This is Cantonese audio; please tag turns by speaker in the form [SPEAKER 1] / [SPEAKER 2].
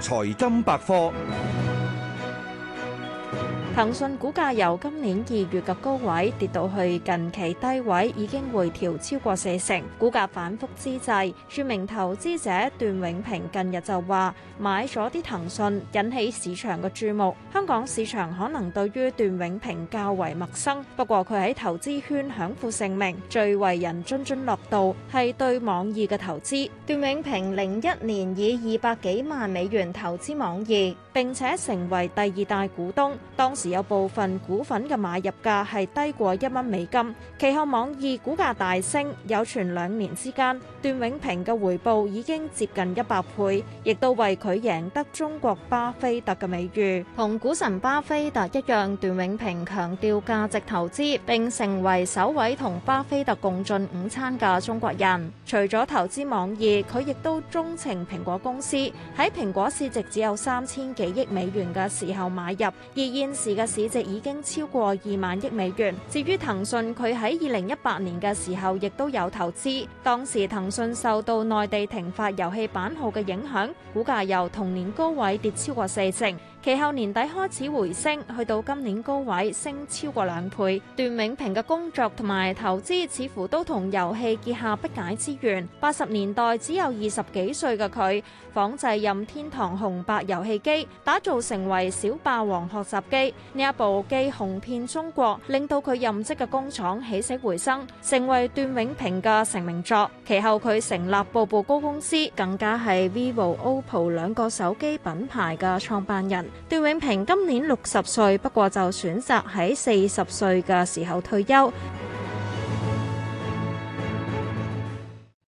[SPEAKER 1] 財金百科。騰訊股價由今年二月嘅高位跌到去近期低位，已經回調超過四成。股價反覆之際，著名投資者段永平近日就話買咗啲騰訊，引起市場嘅注目。香港市場可能對於段永平較為陌生，不過佢喺投資圈享負盛名，最為人津津樂道係對網易嘅投資。段永平零一年以二百幾萬美元投資網易，並且成為第二大股東，當時。有部分股份嘅買入價係低過一蚊美金，其後網易股價大升，有傳兩年之間，段永平嘅回報已經接近一百倍，亦都為佢贏得中國巴菲特嘅美譽。同股神巴菲特一樣，段永平強調價值投資，並成為首位同巴菲特共進午餐嘅中國人。除咗投資網易，佢亦都鍾情蘋果公司，喺蘋果市值只有三千幾億美元嘅時候買入，而現時。嘅市值已經超過二萬億美元。至於騰訊，佢喺二零一八年嘅時候亦都有投資。當時騰訊受到內地停發遊戲版號嘅影響，股價由同年高位跌超過四成。其後年底開始回升，去到今年高位升超過兩倍。段永平嘅工作同埋投資似乎都同遊戲結下不解之緣。八十年代只有二十幾歲嘅佢，仿製任天堂紅白遊戲機，打造成為小霸王學習機。呢一部機紅遍中國，令到佢任職嘅工廠起死回生，成為段永平嘅成名作。其後佢成立步步高公司，更加係 vivo、OPPO 兩個手機品牌嘅創辦人。段永平今年六十歲，不過就選擇喺四十歲嘅時候退休。